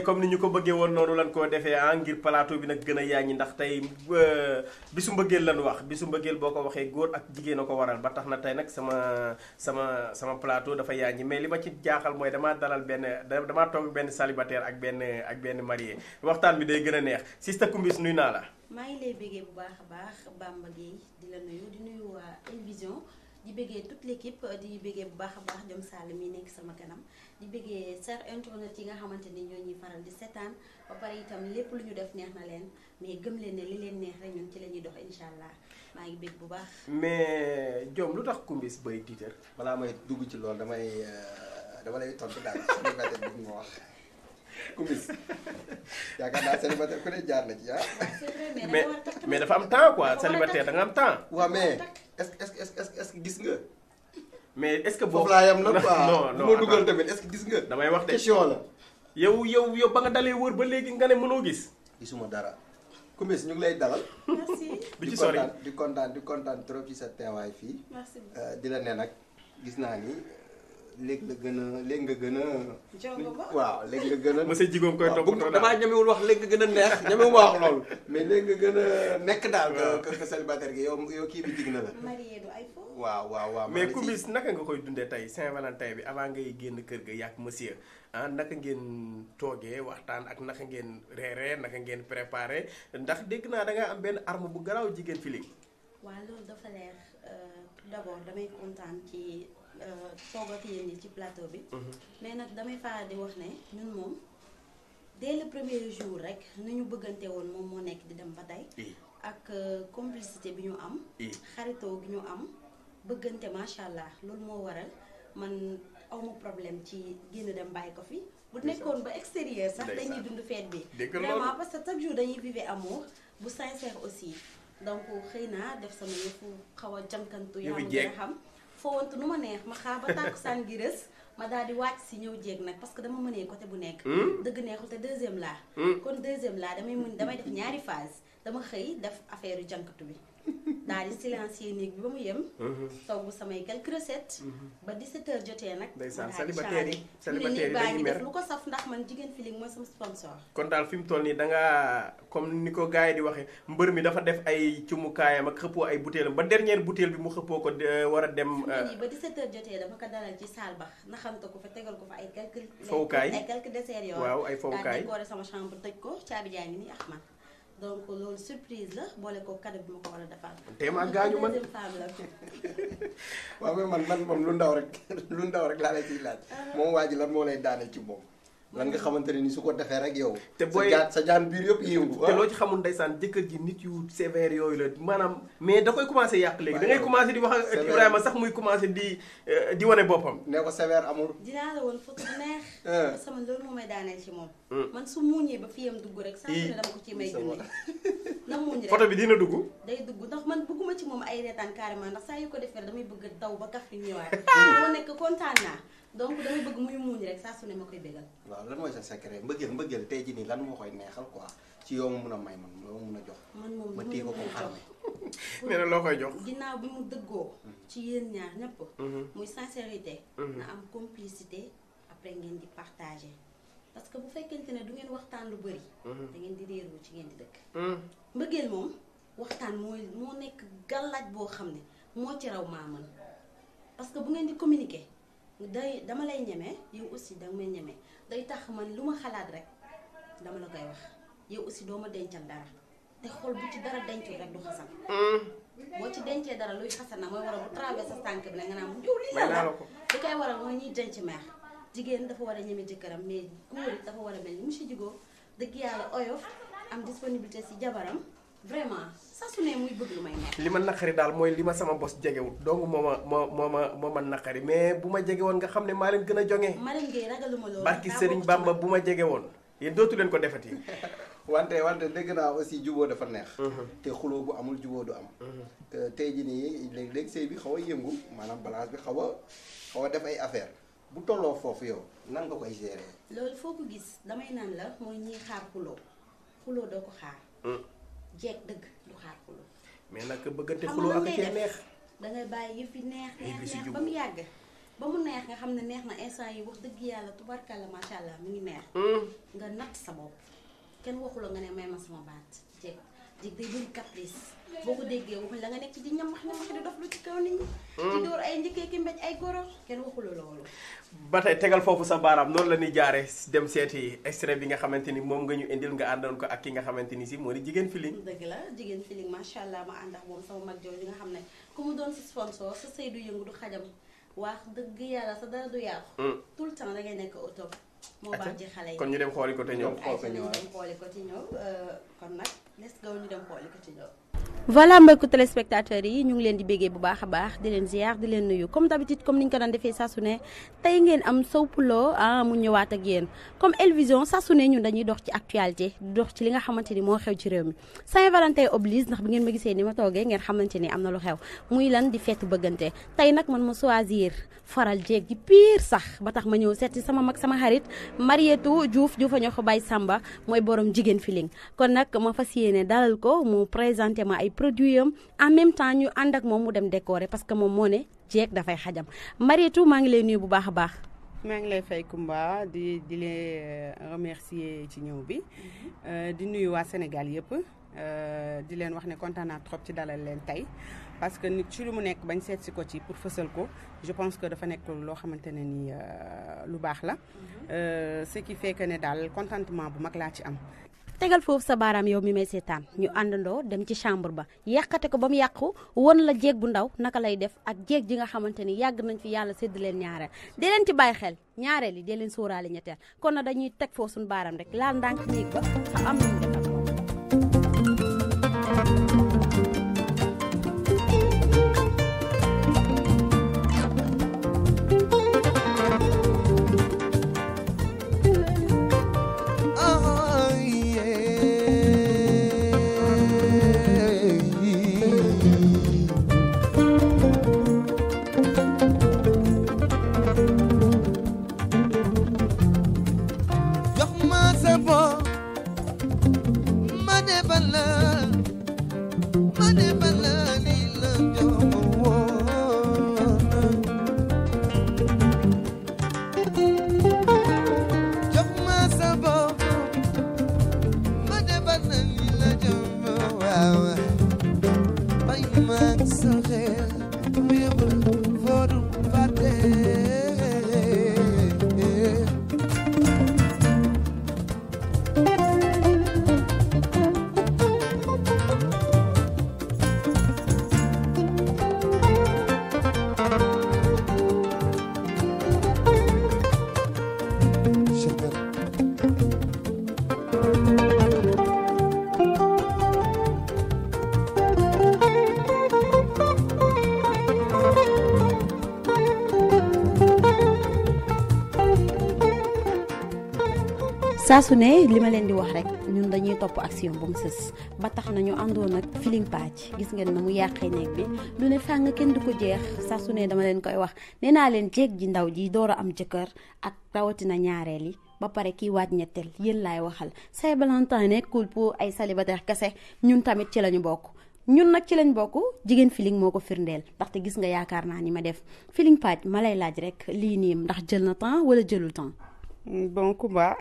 tey comme ni ñu ko bëggee woon noonu lan koo defee ah ngir plateau bi nag gën a yaaññi ndax tey euh, bisu mbëggeel lan wax bisu mbëggeel boo ko waxee góor ak jigéen a ko waral ba tax na tey nag sama sama sama plateau dafa yaaññi mais li ma ci jaaxal mooy dama dalal benn damaa toog benn célibataire ak benn ak benn marié waxtaan bi day gën a neex Sista Kumbis nuyu naa la. bu baax a baax Bamba la nuyu di bëggee toute l'équipe di bëggee bu baax baax Jom Sall mi nek sama kanam di bëggee ser internet yi nga xamanteni ni ñoo ñuy faral di sétane ba pare itam lépp lu ñu def neex na leen mais gëm leen ne li leen neex rek ñun ci lañuy dox inshallah allah maa ngi bëgg bu baax. mais Jom lu tax Kumbis bay tiitër balaa may dugg ci loolu damay euh, dama lay tontu daal sama benn bi nga wax. kumis yaakaar naa célibataire ku ne jaar na ya. ci ah. mais mais dafa am temps quoi célibataire da nga am temps. waaw mais est-ce est-ce est-ce gis nga. mais est-ce que boobu laa yem nag quoi non non ma dugal tamit est-ce que gis nga. damay wax de question la. yow yow yow ba nga dalee ba léegi nga ne mënoo gis. gisuma dara. Kumis ñu ngi lay dalal. merci bi ci sori di kontaan di kontaan trop ci sa teewaay fii. merci eh, di la ne nag gis naa ni. léegi la gën a léegi nga gën a. waaw léegi nga gën a. a neex ñemewul ma wax loolu. mais léegi nga gën a nekk daal. waaw que que célibataire gi yow yow kii bi jig na la. du ay fo. waaw waaw waaw. mais Coumbis naka nga koy dundee tey Saint-Valentin bi avant ngay génn kër gi yàq monsieur ah naka ngeen toogee waxtaan ak naka ngeen reeree naka ngeen préparé ndax dégg naa da nga am benn arme bu garaaw jigéen fii léegi. loolu dafa leer euh, d'abord damay kontaan ci Euh, toog ak yéen ñi ci plateau bi. Mhm. mais nag damay faral di wax ne ñun moom dès le premier jour rek ni ñu bëggante woon moom moo nekk di dem ba tey. ak euh, complicité bi ñu am. xaritoo gi ñu am bëggante macha allah loolu moo waral man awma problème ci génn dem bàyyi ko fi. bu nekkoon ba extérieur sax dañuy dund fête bi. vraiment parce que chaque jour dañuy vivre amour bu sincère aussi donc xëy naa def sama yëfu xaw a jànkantu. yaa ngi xam. foowantu nu ma neex ma xaar ba tàkkusaan gi rës ma daal di wàcc si ñëw jéeg nag parce que dama mënee côté bu nekk. Hmm? dëgg neexul te deuxième laa. Hmm? kon deuxième laa damay mën damay def ñaari phase dama xëy def affaire yu jànkatu bi. daal di silencier néeg bi ba mu yem. Mhm. togg samay quelques recettes. Mhm. ba 17 jotee nag. ndeysaan célibataire yi célibataire yi dañuy mer def lu ko saf ndax man jigéen feeling mooy sama sponsor. kon daal fi mu toll nii da ngaa comme ni ko gars di waxee mbër mi dafa def ay cumukaayam ak xëppoo ay butéelam ba dernière butéel bi mu xëppoo ko war a dem. Euh, ba 17h jotee dafa ko dalal ci saal ba naxante ko fa tegal ko fa ay quelques. fowukaay ay quelques desserts yoo. waaw ay fowukaay daal décorer sama chambre tëj ko caabi jaa ngi nii ah, donc loolu surprise la boole ko cadeau bi ma ko war a defal. tey ma gaañu man waaw man man moom lu ndaw rek lu ndaw rek laa lay ciy laaj. Ah. moom waa ji lan moo lay daane ci moom. lan nga xamante ne ni su ko defee rek yow. te booy sa jaan biir yëpp yëngu. te loo ci xamul ndeysaan jëkkër ji nit yu sévère yooyu la maanaam. mais da commencé yàq léegi da ngay commencé di wax ak Ibrahima sax muy commencé di euh, di wane boppam. ne ko sévère amul. dinaa la woon photo bu neex. Euh. parce que man loolu moo moom. Hmm. man su muuñee ba fi yam dugg rek. saa su ne dama ko ci may junni. na muuñ dugg. day dugg ndax man bëgguma ci moom ay reetaan carrément ndax saa yu ko defee damay bëgg daw ba kaf yi ñëwaat. Hmm. moo nekk kontaan naa donc damay bëgg muy muuñ rek saa su ne ma koy bégal. waaw lan mooy sa secret mbëggeel mbëggeel tey jii lan moo koy neexal quoi ci yow mun a may man loo mun a jox. man moom ma téye ko comme na jox. ginnaaw bi mu dëggoo. Mhm. ci yéen ñaar ñëpp. Mhm. muy sincérité. Mhm. na am complicité après ngeen di partager. parce que bu fekkente ne du ngeen waxtaan lu bëri. da ngeen di réeroo ci ngeen di dëkk. mbëggeel moom waxtaan moo nekk gàllaaj boo xam ne moo ci raw maamal parce que bu ngeen di communiqué day dama lay ñeme yow aussi danga may ñeme day tax man lu ma xalaat rek dama la koy wax yow aussi doo ma dencal dara te xol bu ci dara dencul rek du xasan. Hmm. boo ci dencee dara luy xasan nag mooy waral bu traversé sa tànk bi la nga naan mu jiw lii la la li war waral mooy ñuy denc meer jigéen dafa war a ñeme jëkkëram mais góor it dafa war a mel ni monsieur Djigo dëgg yàlla oyof am disponibilité si jabaram. vraiment saa su ne muy bëgg lu may nekk. li ma naqari daal mooy li ma sama bos jegewul donc moo ma moo moo ma moo ma naqari mais bu ma jege woon nga xam ne maa leen gën a joŋee. maa leen gën a ragaluma loolu. barki Serigne Bamba bu ma jege woon yéen dootu leen ko defati. wante wante dégg naa aussi juboo dafa neex. Mhm. te xuloo bu amul juboo du am. Mhm. Euh, tey jii nii léeg-léeg sëy bi xaw a yëngu maanaam balance bi xaw a xaw a def ay affaire bu tolloo foofu yow nan nga koy gérer. loolu foo ko gis damay naan la mooy ñiy xaar xuloo xuloo doo ko xaar. Mm. jeeg dëgg du xaar xuloo mais nag bëggante xuloo ak cee neex da ngay bàyyi yëf yi neex neex neex ba mu yàgg ba mu neex nga xam ne neex na instant yi wax dëgg yàlla tubarkalla macha allah mi ngi neex hmm. nga natt sa bopp kenn waxula nga ne may ma sama baat jeeg jig day bëri caprice boo ko déggee waxuñ hmm. ay njëkkee ki mbéj ay goro kenn ba tegal foofu sa baaraam noonu la ñuy jaaree dem seeti extrait bi nga xamante ni moom nga ñu indil nga àndoon ko ak ki nga xamante ni si moo di jigéen filing. dëgg la jigéen filing macha allah ma ànd ak moom sama mag jooju nga xam ne ku mu doon si sponsor sa sëy du yëngu du xajam wax dëgg yàlla sa dara du yàqu. Hmm. tout le temps dangay nekk au top. moo baax kon ñu dem xooli ko te ñëw xool ko ñëw dem ko ci ñëw euh, kon nag let's go ñu dem xooli ko ci ñëw voilà mbokku téléspectateurs yi ñu ngi leen di béggee bu baax a baax di leen ziar di leen nuyu comme d'habitude comme ni ñu ko daan defee saa su ne tey ngeen am Sow Poulo ah mu ñëwaat ak yéen comme El Vision saa su ne ñun dañuy dox ci actualité dox ci li nga xamante ni moo xew ci réew mi Saint-Valentin oblige ndax bi ngeen ma gisee ni ma toogee ngeen xamante ni am na lu xew muy lan di fête bëggante tey nag man ma choisir faral jeeg gi piir sax ba tax ma ñëw seet sama mag sama xarit Marietou Diouf Diouf a ñoo ko Baye Samba mooy borom jigéen feeling kon nag ma fas yéene dalal ko mu présenté ma ay produits yam en même temps ñu ànd ak moom mu dem décorer parce que moom moo ne jeeg dafay xajam Marietou maa ngi lay nuyu bu baax a baax. maa ngi lay fay Kumba di di leen euh, remercier ci ñëw bi mm-hmm. euh, di nuyu waa Sénégal yëpp euh, di leen wax ne kontaan trop ci dalal leen tey. parce que nit ci lu mu nekk bañ seet si ko ci pour fësal ko je pense que dafa nekk loo xamante ne ni euh, lu baax la mhm. euh, ce qui fekk ne daal contentement bu mag laa ci am. tegal foofu sa baaraam yow mi may seetaan ñu àndandoo dem ci chambre ba yàqate ko ba mu yàqu won la jéeg bu ndaw naka lay def ak jéeg ji nga xamante ni yàgg nañ fi yàlla sédd leen ñaareel dee leen ci bàyyi xel ñaareel yi dee leen sóoraale ñetteel kon na dañuy teg foofu suñu baaraam rek laal ndànk something saa su ne li ma leen di wax rek ñun dañuy topp action bu mu sës ba tax na ñu àndoon Feeling Page gis ngeen na mu yàqee néeg bi lu ne fàng kenn du ko jeex saa su ne dama leen koy wax nee naa leen jéeg ji ndaw ji door a am jëkkër ak rawatina ñaareel yi ba pare kii waaj ñetteel yéen laay waxal say balantin nekkul pour ay célibataire kese ñun tamit ci lañu bokk ñun nag ci lañ bokk jigéen feeling moo ko firndeel ndaxte gis nga yaakaar naa ni ma def feeling page ma lay laaj rek lii nii ndax jël na temps wala jëlul temps bon Kumba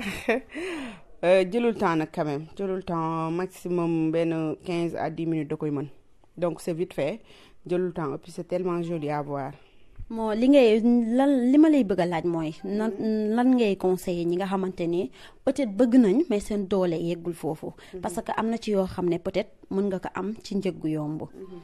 euh, jëlul temps nag quand même jëlul temps maximum benn quinze à dix minutes da koy mën donc c'est vite fait jëlul temps et puis c'est tellement à voir. moo li ngay lan li ma lay bëgg a laaj mooy nan lan ngay conseiller ñi nga xamante ni peut-être bëgg nañ may seen doole yeggul foofu. Mm-hmm. parce que am na ci yoo xam ne peut-être mën nga ko am ci njëg gu yomb. Mm-hmm.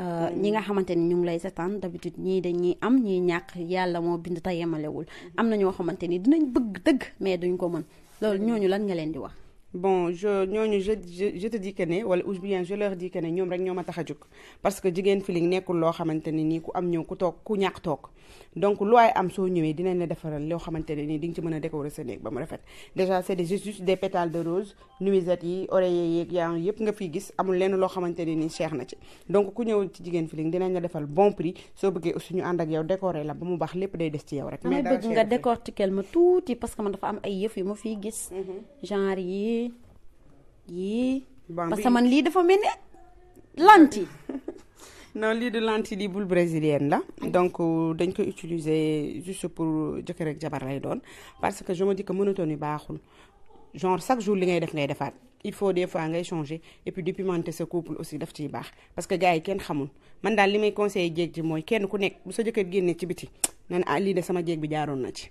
Euh, mm. ñi nga xamante ni ñu ngi lay setaan d'habitude ñii ñii am ñuy ñàkk yàlla moo bind te yemalewul mm-hmm. am na ñoo xamante ni dinañ bëgg dëgg mais duñ ko mën loolu mm-hmm. ñooñu lan nga leen di wax bon je ñooñu je je te dis que ne wala ou bien je leur dis que ne ñoom rek ñoo ma tax a jóg parce que jigéen feeling nekkul loo xamante ne nii ku am ñëw ku toog ku ñàkk toog donc lu ay am soo ñëwee dinañ la defaral loo xamante ne nii di nga ci mën a décorer sa néeg ba mu rafet déjà c'est des juste des pétales de rose nuisette yi oreiller yeeg yaa yëpp nga fiy gis amul lenn loo xamante ne nii cher na ci donc ku ñëw ci jigéen feeling dinañ la defal bon prix soo bëggee aussi ñu ànd ak yow décorer la ba mu baax lépp day des ci yow rek mais bëgg nga décortiquer ma tuuti parce que man dafa am ay yëf yu ma fiy gis mhm. genre yi parce que man lii dafa mel lanti non li du lanti yi boule brésilienne la donc euh, dañ ko utiliser juste pour euh, jëkkër ak jabar lay doon parce que je me dis que monotone yu baaxul genre chaque jour li ngay def ngay defaat il faut des fois ngay changer et puis dépimenter ce couple aussi daf ciy baax parce que gars yi kenn xamul man daal li may conseiller jéeg ji mooy kenn ku nekk bu sa jëkkër génnee ci biti nan ah lii de sama jéeg bi jaaroon na ci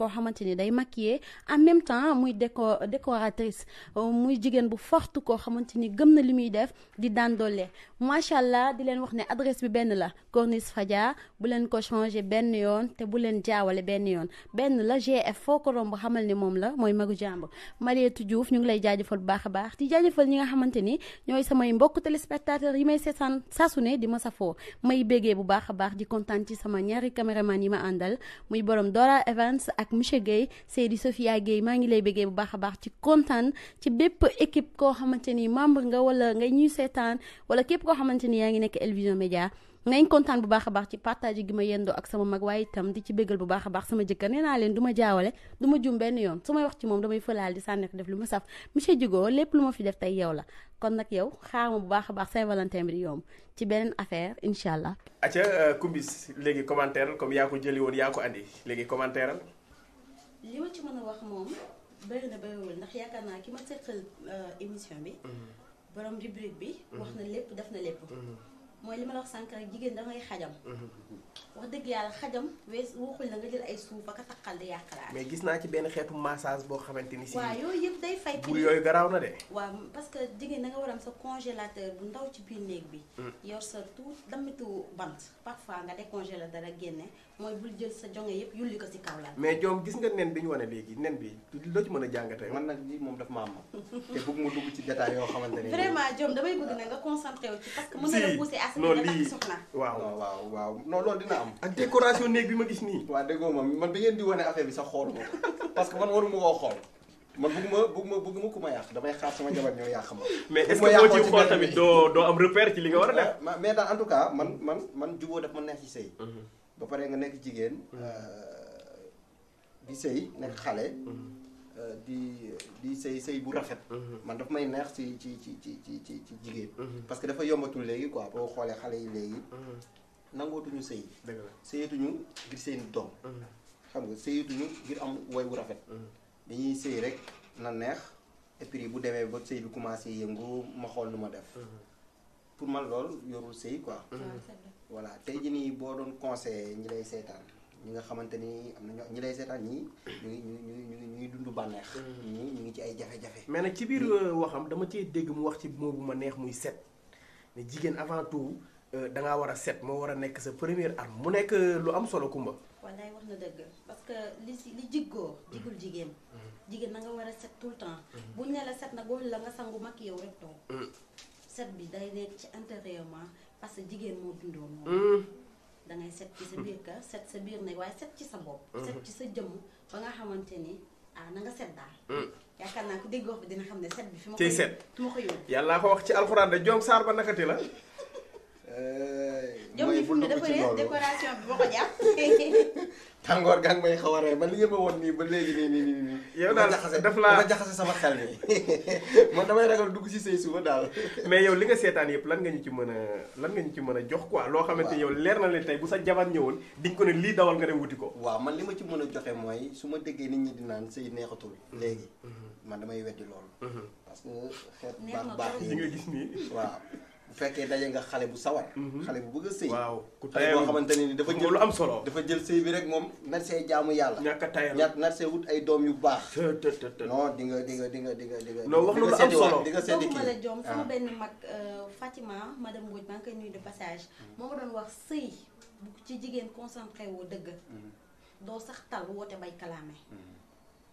ko xamanteni day maquiller en même temps muy décoratrice euh, muy jigen bu forte ko xamanteni ni gëm na li def di daan doole macha allah di len wax ne adresse bi ben la Corniche Fadia bu len ko changer ben yoon te bu len jaawale ben yoon ben la GF foo ko romb xamal ne mom la moy magu jàmbur Mariétou Diouf ñu ngi lay jaajeufal bu baax a baax di jaajeufal ñi nga xamanteni ñoy ñooy mbokk téléspectateurs yi may seetaan saasu ne di ma safoo may béggee bu baax a baax di kontaan ci sama ñaari cameraman yi ma andal muy borom Dora Evans ak ak monsieur Guèye Seydi Sophia Guèye maa ngi lay bëggee bu baax a baax ci kontaan ci bépp équipe koo xamante ni membre nga wala ngay ñuy seetaan wala képp koo xamante ni yaa ngi nekk Elvision Média nañ kontaan bu baax a baax ci partage gi ma yendoo ak sama mag waaye itam di ci béggal bu baax a baax sama jëkkër ne naa leen du ma jaawale du ma jum benn yoon su may wax ci moom damay fëlaal di sànni def lu ma saf monsieur Diogo lépp lu ma fi def tey yow la kon nag yow xaar ma baax a baax Saint-Valentin bi di yomb ci beneen affaire incha allah. acca Kumbis euh, léegi commentaire comme yaa ko jëli woon yaa ko li ma ci mën a wax moom bëri na bëriwul ndax yaakaar naa ki ma seqal euh, émission bi. Mm-hmm. borom rubrique bi. Mm-hmm. wax na lépp def na lépp. Mm-hmm. mooy li ma la wax sànq rek jigéen dangay xajam. Mm-hmm. wax dëgg yàlla xajam wees waxul na nga jël ay suuf ak a di yàqalaat. mais gis naa ci benn xeetu massage boo xamante ni si. waaw yooyu yëpp day fay. bu yooyu que jigéen da nga war am sa bu ndaw ci biir néeg bi. Mm. yor sa tout damitu bant. parfois nga décongélé dara génne mooy bul jël sa jonge yëpp yulli ko si kaw la. gis nga nen bi ñu wane léegi nen bi loo mën a jàngatee. man na lii moom daf maa am te bëgg mu dugg ci détail yoo xamante ne. vraiment joom damay bëgg na nga concentré ci parce que mën na la pousser non lii waaw waaw waaw non loolu dina am. ak décoration néeg bi ma gis nii. waaw déggoo ma man bi ngeen di wane affaire bi sa xool ma parce que man waruma koo xool man bëgguma bëgguma bëgguma ku ma yàq damay xaar sama jabar ñoo yàq ma. mais est-ce que boo ci xool tamit doo doo am repère ci li nga war a def. mais daal en tout man man man jubóo daf ma neex ci sëy. Mhm. ba pare nga nekk jigéen. Mhm. Euh, di sëy nekk xale. Mhm. Euh, di di sëy sëy bu rafet. Mhm. man daf may neex ci ci ci ci ci ci ci jigéen. Mhm. Mhm. parce que dafa yombatul léegi quoi boo xoolee xale yi léegi. nangootuñu sëy. dëgg la sëyatuñu ngir seen doom. xam nga sëyatuñu ngir am woy bu rafet. dañuy sëy rek na neex et bu demee ba sëy bi commencé yëngu ma xool nu ma def. pour ma lool yorul sëy quoi. voilà tey jii nii boo doon conseillé ñi lay seetaan. ñi nga xamante ni am na ñi lay seetaan ñii ñu ngi ñu ñu ñu ngi ñu ngi dund bànneex. Mm. ñii ñu ngi ci ay jafe-jafe. mais nag ci biir euh, waxam dama cee dégg mu wax ci moo ma neex muy set ne jigéen avant tout euh, da ngaa war a set moo war a nekk sa première arme mu nekk euh, lu am solo kumba. wallaay wax na dëgg parce que li si li jiggoo mm. jigul jigéen. Mm. jigéen na nga war a set tout le temps. buñ ne la set na boobu la nga sangu mag yow rek toog. set bi day nekk ci intérieurement parce que jigéen moo dundoo moom. da ngay set ci sa biir kër set sa biir nag waaye set ci sa bopp. set ci sa jëm ba ngaa xamante ni ah na nga set daal. yaakaar naa ko dégg wax bi dina xam ne set bi. fi ma koy set fi ma koy yóbbu. yàllaa ko wax ci alxuraan de Jom Sarr ba nakati la. mooy bu dugg ci loolu Jom bi fu ne dafa réer décoration bi boo ko jàpp. tàngoor gang may xaw a rey man li ngeen ma woon nii ba léegi nii nii nii nii. yow daal daf laa dafa jaxase sama xel nii man damay ragal dugg ci say suba daal. mais yow li nga seetaan yëpp lan nga ñu ci mën a lan nga ñu ci mën a jox quoi. loo xamante yow leer na leen tey bu sa jabar ñëwul di ko ne lii dawal nga dem wuti ko. waaw man li ma ci mën a joxe mooy su ma déggee nit ñi di naan sëy neexatul. Mm-hmm. léegi mm-hmm. man damay weddi loolu. Mm-hmm. parce que xeet baax baax yi nga gis nii waaw. bu fekkee daje nga xale bu sawar. Mhm. xale bu bëgg a sëy. waaw ku tayal boo xamante ne ni dafa jël lu am solo. dafa jël sëy bi rek moom nar see jaamu yàlla. ñàkk a tayal ñàkk nar wut ay doom yu baax. non di nga di nga di nga di nga di nga. non wax lu am solo di nga seeti kii la jom sama ah. benn mag euh, ma madame Mbodj maa ngi koy nuyu de passage. Mm. moo ma doon wax sëy ci jigéen concentré woo dëgg. Mm. doo sax tal woote bay kalaame. Mm.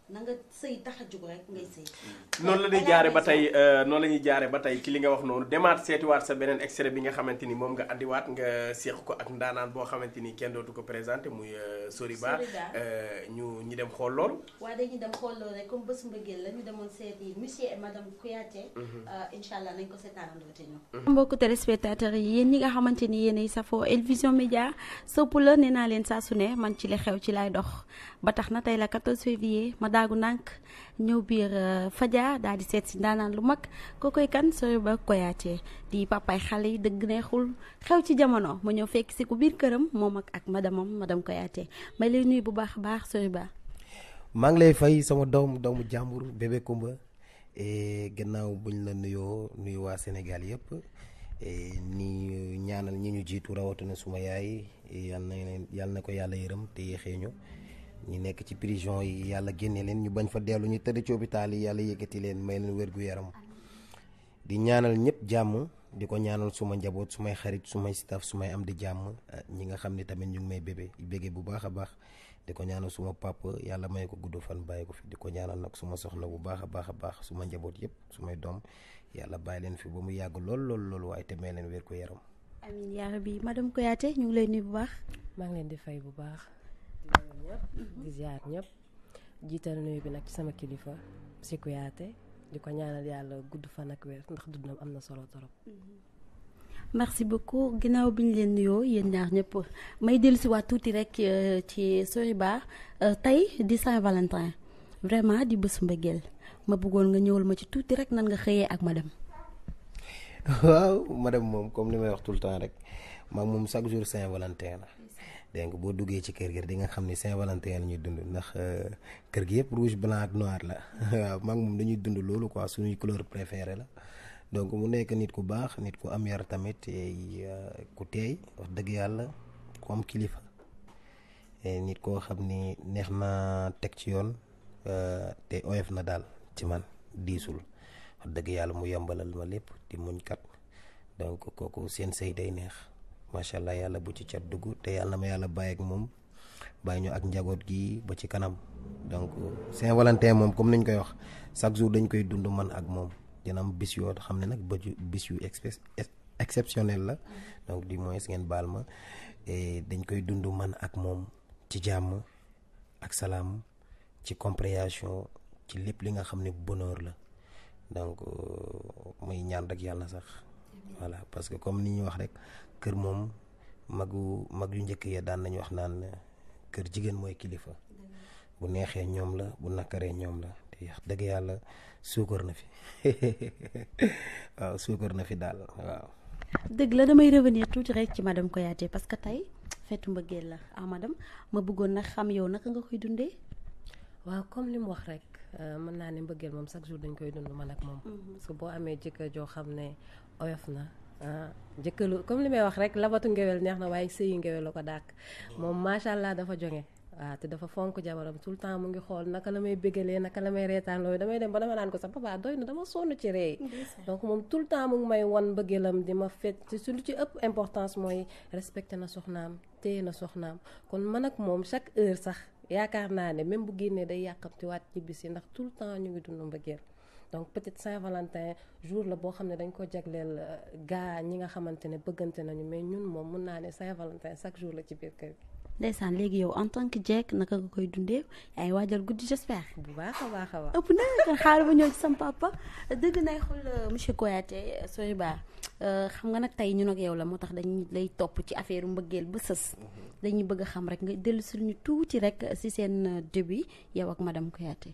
na sëy tax a jug rek ngay sëy mm. noonu la ñuy jaare ba tey euh, noonu la ñuy jaare ba tey ci li nga wax noonu demaat seetiwaat sa beneen extrait bi nga xamante ni moom nga andiwaat nga seeq ko ak ndaanaan boo xamante ni kenn dootu ko présenté muy euh, Soriba euh, ñu ñu dem xool loolu waaw dañuy dem xool loolu comme bés mbëggeel la ñu demoon seeti monsieur et madame Kouyaté mhm. incha allah nañ ko seetaanandoo te ñoom mm-hmm. mbokku téléspectateurs yi yéen ñi nga xamante ni yéenay safoo Elvision Média sëpp la ne naa leen saa su ne man ci li xew ci laay dox ba tax na tey la 14 février daagu ndànk ñëw biir euh, faja daal di seet si ndaanaan lu mag kookoy kan sooy ba koyaatee di papaay xale yi dëgg neexul xew ci jamono ma ñëw fekk si ku biir këram mag ak ak madamam madame koyaatee may lay nuyu bu baax a baax sooy ba maa lay fay sama doom doomu jàmbur bébé Kumba e, gannaaw buñ la nuyoo nuyu waa Sénégal yëpp e, ni euh, ñaanal ñi ñu jiitu rawatina suma yaay e, yal na yal na ko yàlla yërëm te yéexee ñu ñi nekk ci prison yi yàlla génne leen ñu bañ fa dellu ñu tëdd ci hôpital yi yàlla yëkkati leen may leen wér gu yaram di ñaanal ñëpp jàmm di ko ñaanal suma njaboot sumay xarit sumay staff sumay am di jàmm ah, ñi nga xam ne tamit ñu ngi may bébé bégee bu baax a baax di ko ñaanal suma papa yàlla may ko gudd fan bàyyi ko fi di ko ñaanal nag suma soxna bu baax a baax a baax suma njaboot yëpp sumay doom yàlla bàyyi leen fi ba mu yàgg lool lool lool waaye te may leen wér gu yaram amin ya rabbi madame koyaate ñu ngi lay nuy bu baax maa ngi leen di fay bu baax ñëpp mhm. di ziar ñëpp jiital nuyu bi nag ci sama kilifa si Kuyaate di ko ñaanal yàlla gudd fan ak wér ndax dundam am na solo torop mhm. merci beaucoup ginnaaw biñ ñu leen nuyoo yéen ñaar ñëpp may dellusiwaat tuuti rek euh, ci ba euh, tey di Saint-Valentin vraiment di bésu mbëggeel ma bëggoon nga ñëwal ma ci tuuti rek nan nga xëyee ak madame. waaw madame moom comme ni may wax tout le temps rek maa moom chaque jour Saint-Valentin la dégg nga boo duggee ci kër gi di nga xam ni saint valentin lañuy dund ndax euh, kër gi yépp rouge blanc ak noir la waaw mag moom dañuy dund loolu quoi suñuy couleur préféré la donc mu nekk nit ku baax nit ku am yar tamit euh, ku teey wax dëgg yàlla ku am kilifa nit koo xam ni neex na teg ci yoon euh, te oyof na daal ci man diisul wax dëgg yàlla mu yombalal ma lépp di muñ kat donc kooku seen sëy day neex MasyaAllah allah bu ci ciat duggu te yalla ma yalla baye ak mom baye ñu ak njaboot gi ba ci kanam donc saint valentin mom, comme niñ koy wax chaque jour dañ koy dund man ak mom dina am bis yoo nak ne nag bis yu exceptionnel la donc du moins ngeen bal ma dañ koy dund man ak mom ci jamm ak salam ci compréhension ci lepp li nga xamne bonheur la donc euh, may ñaan rek yalla sax voilà parce que comme niñ wax rek kër moom magu mag yu njëkk ya daan nañu wax naan kër jigéen mooy kilifa bu neexee ñoom la bu nakkaree ñoom la te wax dëgg yàlla suukar na fi waaw suukar na fi daal waaw. dëgg la damay revenir tuuti rek ci ma madame Koyaté parce que tey feetu mbëggeel la ah madame ma bëggoon nag xam yow naka nga koy dundee. waaw comme li mu wax rek euh, mën naa ne mbëggeel moom chaque jour dañ koy dund ma ak moom. Mm-hmm. parce boo amee jëkkër joo xam ne oyof na. ah jëkkalu comme li may wax rek labatu ngewel neex na waaye sëyi ngewel la ko dàkk moom macha allah dafa jonge waaw ah, te dafa fonk jabaram tout le temps mu ngi xool naka la may bégalee naka la may reetaan damay dem ba dama naan ko sax papa doy na dama sonn ci ree moom tout le temps mu ngi may wan mbëggeelam di ma fet ci lu ci ëpp importance mooy respecté na soxnaam téye na soxnaam kon man ak moom chaque heure sax yaakaar naa ne même bu génnee day yàqamtiwaat ñibbisi ndax tout le temps ñu ngi dund mbëggeel donc peut-être Saint-Valentin jour le bo xam dañ ko jagleel euh, gaa ñi nga xamantene bëggante nañu mais ñun moom mun naa Saint-Valentin chaque jour la ci biir kër gi. ndeysaan léegi yow en tant que jeeg naka nga koy dundee ay waajal guddi j'espère. bu baax a baax a baax ëpp na xaaral ba ñëw ci sama papa dëgg nay xul euh, monsieur Koyate euh, Soriba xam nga nag tey ñun ak yow la moo tax dañu lay topp ci affaire mbëggeel ba sës mhm. dañuy bëgg xam rek nga dellu suñu tuuti rek si seen début yow ak madame Koyate.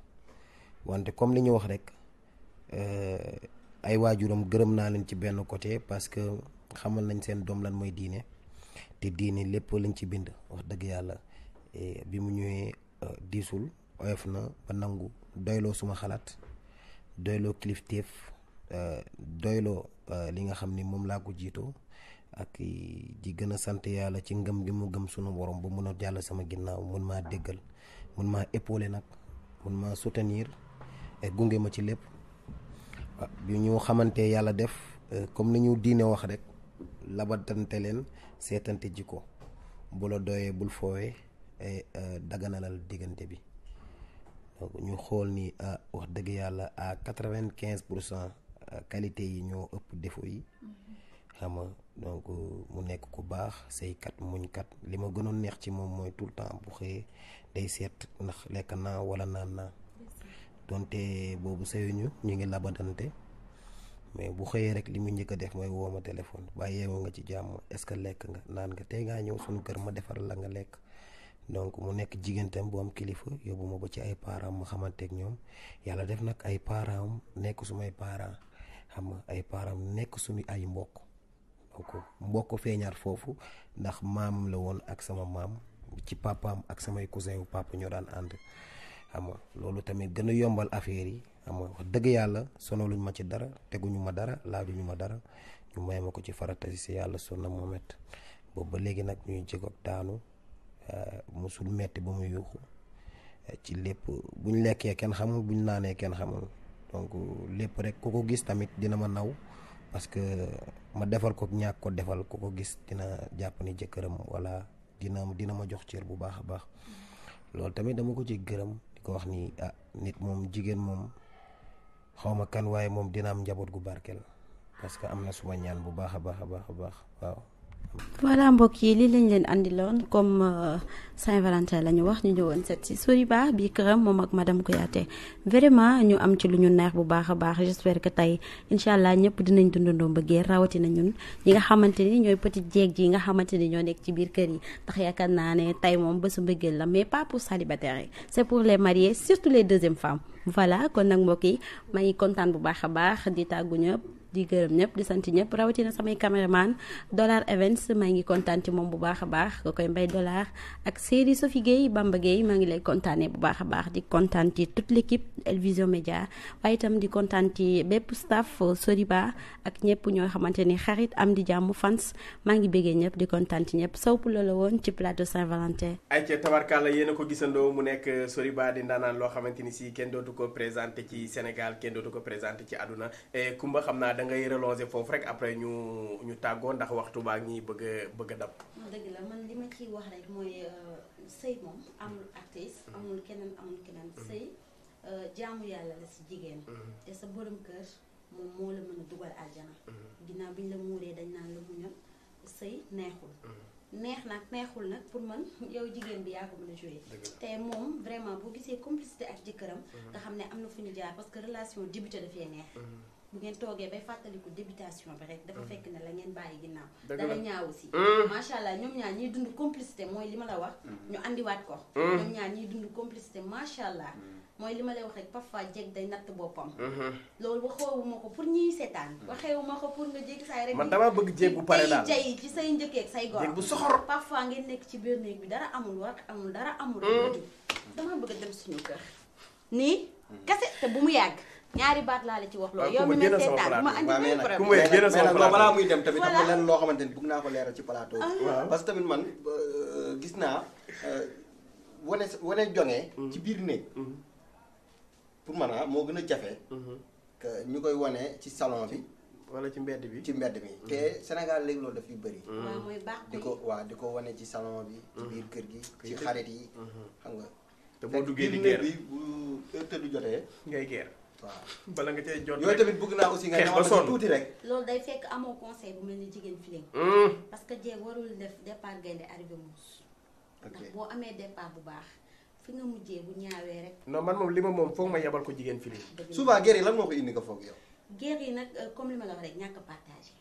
wante comme li ñu wax rek euh, ay waajuram gërëm naa leen ci benn côté parce que xamal nañ seen doom lan mooy diine te diine lépp lañ ci bind wax dëgg yàlla bi mu ñëwee euh, diisul oyof na ba nangu doyloo suma xalaat doyloo kilifteef euh, doyloo li nga xam ni moom laa ko jiitoo ak di gën a sant yàlla ci ngëm gi mu gëm sunu borom ba mun a jàll sama ginnaaw mun maa déggal mun maa épauler nag mun maa soutenir Eh, gunge ma ci lépp ah, bi ñu def eh, comme ni ñu diine wax rek labatante leen seetante jiko bu la doyee bul eh, daganalal diggante bi donc ñu xool ni ah, wax dëgg à 95% pour ah, qualité yi ñoo ëpp défaut yi xam nga donc mu nekk ku baax muñ kat li ma neex ci tout le temps bu day ndax wala donte boobu sëyuñu ñu ngi labadante mais bu xëyee rek li mu njëkk a def mooy woo ma téléphone bàyyi yeewoo nga ci jàmm est-ce que lekk nga naan nga tey ngaa ñëw suñu kër ma defar la nga lekk donc mu nekk jigéentam boo am kilifa yóbbu ma ba ci ay parents ma xamanteek ñoom yàlla def nag ay parents nekk sumay parents xam nga ay parents nekk suñu ay mbokk donc mbokk feeñaat foofu ndax maam la woon ak sama maam ci papaam ak samay cousin wu papa ñoo daan ànd. xam loolu tamit gën a yombal affaire yi xam dëgg yàlla sonaluñ ma ci dara teguñu ma dara laajuñu ma dara ñu may ma ko ci farata si yàlla sunna Muhammad boobu ba léegi nag ñuy jéego daanu euh, musul metti ba mu yuuxu euh, ci lépp buñ lekkee kenn xamul buñ naanee kenn xamul donc lépp rek ku ko gis tamit dina ma naw parce que ma defal ko ñàkk ko defal ko ko gis dina jàpp ni jëkkëram wala dina dina ma jox cër bu baax a baax mm. loolu tamit dama ko ci gërëm. ko wax ni ah nit moom jigéen moom xaw ma kan waaye moom dina am njaboot gu barkeel parce que am na suma ñaan bu baax a baax a baax a baax waaw voilà mbokk yi lii lañ leen andiloon comme euh, Saint-Valentin la ñu wax ñu ñëwoon seet si baax bi këram moom ak ko Kouyaté vraiment ñu am ci lu ñu neex bu baax a baax j'espère que tey incha allah ñëpp dinañ dundandoo bëggee rawatina ñun ñi nga xamante ni ñooy petit jeeg ji yi nga xamante ni ñoo nekk ci biir kër yi ndax yaakaar naa ne tey moom bésu bëggee la mais pas pour célibataires yi c'est pour les mariés surtout les deuxièmes femmes voilà kon nag mbokk yi may kontaan bu baax a baax di tàggu di gërëm ñëpp di sant ñëpp rawatina samay cameraman dollar events ma ngi kontaan ci moom bu baax a baax ko koy mbay dollar ak série sofi Gueye Bamba Gueye ma ngi lay kontaanee bu baax a baax di kontaan toute l'équipe El Vision Média waaye itam di kontaan ci bépp staff ba ak ñëpp ñoo xamante ni xarit am di jàmm fans ma ngi béggee ñëpp di kontaan ñëpp sow la la woon ci plateau Saint-Valentin. ay ca tabarkàlla yéen a ko gisandoo mu nekk ba di ndaanaan loo xamante ni si kenn dootu ko présenté ci Sénégal kenn dootu ko présenté ci àdduna eh, kumba xam naa da ngay relancer foofu rek après ñu ñu tàggoo ndax waxtu baa ngi bëgg a bëgg a dab. dëgg la man li ma ciy wax rek mooy euh, sëy moom amul artiste. Mm. amul keneen amul keneen mm. sëy euh, jaamu yàlla la si jigéen. Mm. te sa bërëm kër moom moo la mën a dugal aljana. ginnaaw bi ñu la muuree dañ naan la muñal sëy neexul. neex nag neexul nag pour man yow jigéen bi yaa ko mën a joué te moom vraiment boo gisee complicité ak jëkkëram nga xam ne am na fu ñu jaar parce que relation débutée dafay bu ngeen toogee bay fàttaliku débutation bi rek dafa mm. fekk ne la ngeen bàyyi ginnaaw dala ñaaw aussi mm. macha allah ñoom ñaar ñiy dund complicité mooy li ma la wax mm. ñu andiwaat ko ñoom ñaar ñiy dund complicité macha allah mooy li ma lay wax rek parfois jeeg day natt boppam mm-hmm. loolu waxeewu ma ko pour ñiy seetaan waxeewu ma ko pour nga jéeg saay rek man damaa bëgg jéeg bu pare daal jay ci say njëkkeeg say gor bu soxor parfois ngeen nekk ci biir néeg bi dara amul war amul dara amul dama bëgg a dem suñu kër nii kase te yàgg ñaari baat laa la ci wax loolu yow mi ne seetaan ma andi benn muy dem tamit am na loo xamante ni bëgg naa ko leeral ci plateau ah. parce que tamit man euh, gis naa euh, wane wane jonge ci biir néeg mm-hmm. pour man a ah, moo gën a jafe mm-hmm. que ñu koy wane ci salon bi wala ci mbedd bi ci mbedd bi te mm-hmm. Sénégal léegi loolu daf yu bëri di ko waaw di ko wane ci salon bi ci biir kër gi ci xarit yi xam nga te boo duggee di guerre bi bu heure du jotee ngay guerre waaw bala nga cay jot rek yooyu tamit bëgg naa aussi nga ñamal ci tuuti rek. loolu day fekk amoo conseil bu mel ni jigéen filim. Hmm. parce que warul def départ gaynde arrivé muus. ndax boo amee départ bu baax fi nga mujjee bu ñaawee rek. non man moom li ma moom foog ma yebal ko jigéen filim. souvent guerre yi lan moo ko indi nga foog yow. guerre yi nag euh, comme li ma la wax rek ñàkk a partagé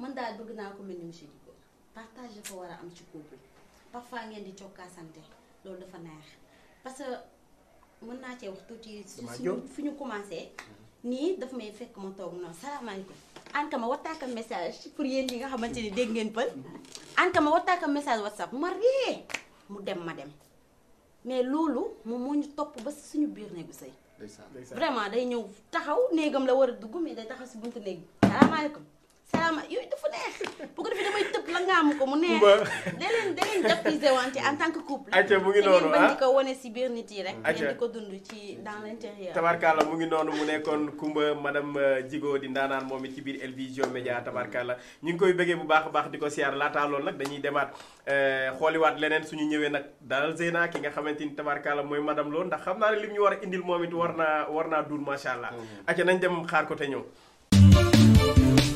man daal bëgg naa ko mel ni monsieur Diouf partage dafa war a am ci couple parfois ngeen di cokkaasante loolu dafa neex parce mën naa cee wax tuuti suñu fi ñu commencé mhm. nii daf may fekk ma toog noonu salaamaaleykum an ka ma wattaaka message pour yéen ñi nga xamante ni dégg ngeen pël mhm. an ka ma wattaaka message whatsapp ma ree mu dem ma dem mais loolu moom moo ñu topp ba suñu biir néegu sëy vraiment day ñëw taxaw néegam la war a dugg mais day taxaw si buntu néeg bi salaamaaleykum sama yooyu ko mu neex. da tant que couple. ayca mu ngi noonu si ah. biir nit yi rek. ayca l' intérieur. tabarkaala mu ngi noonu mu nekkoon Kumba madame euh, Djigo di ndaanaan moom it ci biir Elvision Média tabarkaala ñu ngi koy bëggee bu baax a baax di ko siyaar laataa loolu nag dañuy demaat euh, xooliwaat leneen suñu ñëwee nag dalal Zeyna ki nga xamante ni tabarkaala mooy madame loolu ndax xam naa ne lim ñu war a indil moom it war naa war naa duur macha allah. Mm-hmm. ayca nañ dem xaar ko te ñëw